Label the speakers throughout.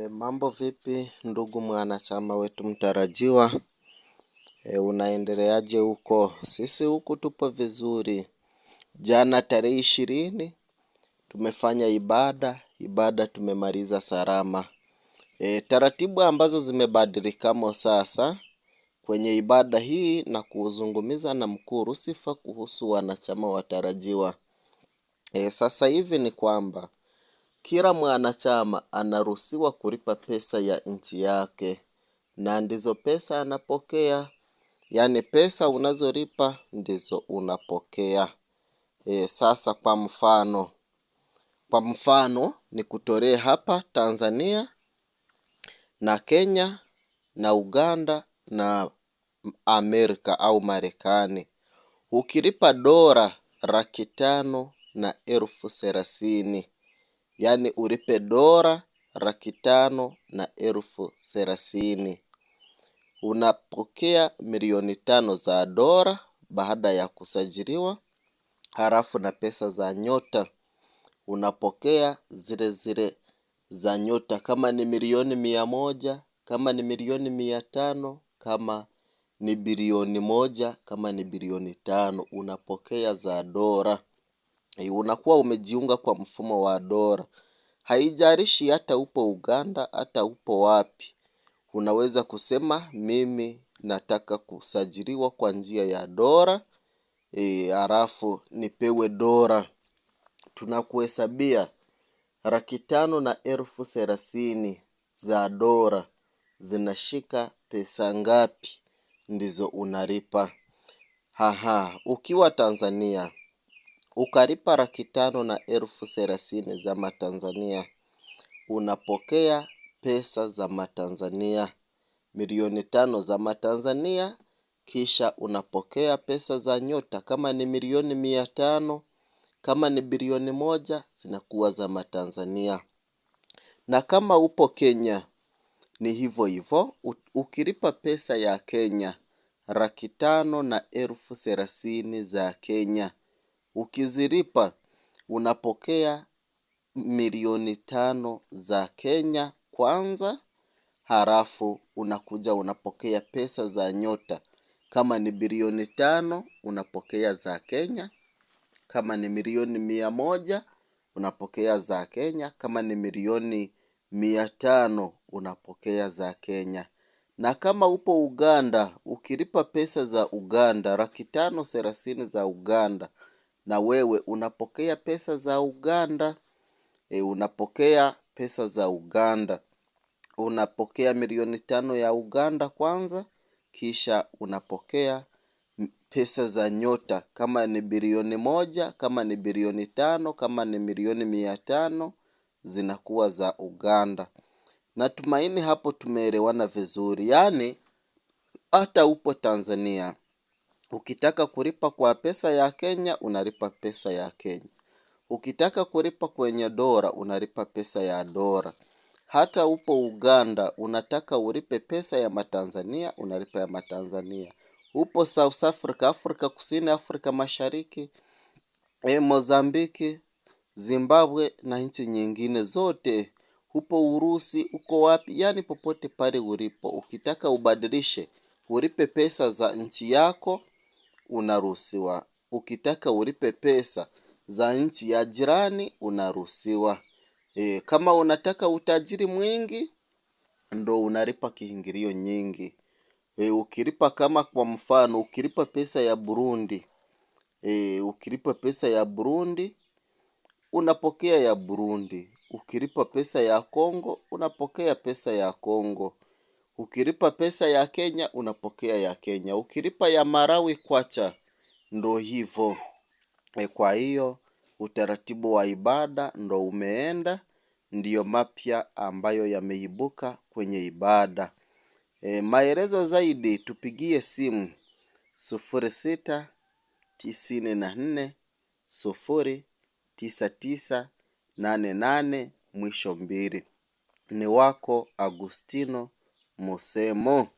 Speaker 1: E, mambo vipi ndugu mwanachama wetu mtarajiwa? E, unaendeleaje huko? Sisi huku tupo vizuri. Jana tarehe ishirini tumefanya ibada, ibada tumemaliza salama. E, taratibu ambazo zimebadilikamo sasa kwenye ibada hii na kuzungumiza na mkuu Rusifa kuhusu wanachama watarajiwa. E, sasa hivi ni kwamba kila mwanachama anaruhusiwa kulipa pesa ya nchi yake na ndizo pesa anapokea. Yani pesa unazolipa ndizo unapokea. E, sasa kwa mfano kwa mfano ni kutolee hapa Tanzania na Kenya na Uganda na Amerika au Marekani. Ukilipa dola laki tano na elfu thelathini yaani ulipe dola laki tano na elfu thelathini. Unapokea milioni tano za dola baada ya kusajiliwa, halafu na pesa za nyota unapokea zile zile za nyota, kama ni milioni mia moja, kama ni milioni mia tano, kama ni bilioni moja, kama ni bilioni tano, unapokea za dola. Eh, unakuwa umejiunga kwa mfumo wa dora haijarishi hata upo Uganda, hata upo wapi. Unaweza kusema mimi nataka kusajiliwa kwa njia ya e, eh, halafu nipewe dora Tunakuhesabia laki tano na elfu thelathini za dora zinashika pesa ngapi? Ndizo unalipa. Aha, ukiwa Tanzania Ukaripa laki tano na elfu thelathini za Matanzania, unapokea pesa za Matanzania milioni tano za Matanzania, kisha unapokea pesa za nyota. Kama ni milioni mia tano, kama ni bilioni moja, zinakuwa za Matanzania. Na kama upo Kenya ni hivyo hivyo, ukilipa pesa ya Kenya laki tano na elfu thelathini za Kenya Ukizilipa unapokea milioni tano za Kenya kwanza halafu unakuja unapokea pesa za nyota. Kama ni bilioni tano unapokea za Kenya. Kama ni milioni mia moja unapokea za Kenya. Kama ni milioni mia tano unapokea za Kenya. Na kama upo Uganda, ukilipa pesa za Uganda, laki tano thelathini za Uganda, na wewe unapokea pesa za Uganda e, unapokea pesa za Uganda, unapokea milioni tano ya Uganda kwanza, kisha unapokea pesa za nyota, kama ni bilioni moja, kama ni bilioni tano, kama ni milioni mia tano zinakuwa za Uganda. Natumaini hapo tumeelewana vizuri, yaani hata upo Tanzania Ukitaka kulipa kwa pesa ya Kenya unalipa pesa ya Kenya. Ukitaka kulipa kwenye dola unalipa pesa ya dola. Hata upo Uganda unataka ulipe pesa ya Matanzania unalipa ya Matanzania. Upo South Africa, Afrika Kusini, Afrika Mashariki, e, Mozambiki, Zimbabwe na nchi nyingine zote. Upo Urusi, uko wapi? Yaani popote pale ulipo, ukitaka ubadilishe ulipe pesa za nchi yako unaruhusiwa. Ukitaka ulipe pesa za nchi ya jirani unaruhusiwa. E, kama unataka utajiri mwingi ndo unalipa kiingilio nyingi. E, ukilipa kama kwa mfano ukilipa pesa ya Burundi e, ukilipa pesa ya Burundi unapokea ya Burundi. Ukilipa pesa ya Kongo unapokea pesa ya Kongo. Ukilipa pesa ya Kenya unapokea ya Kenya, ukilipa ya Marawi kwacha, ndo hivyo. E, kwa hiyo utaratibu wa ibada ndo umeenda, ndiyo mapya ambayo yameibuka kwenye ibada. E, maelezo zaidi tupigie simu sufuri sita tisini na nne sufuri tisa tisa nane nane mwisho mbili. Ni wako Agustino Mosemo.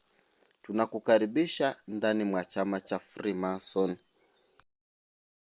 Speaker 1: Tunakukaribisha ndani mwa chama cha Freemason.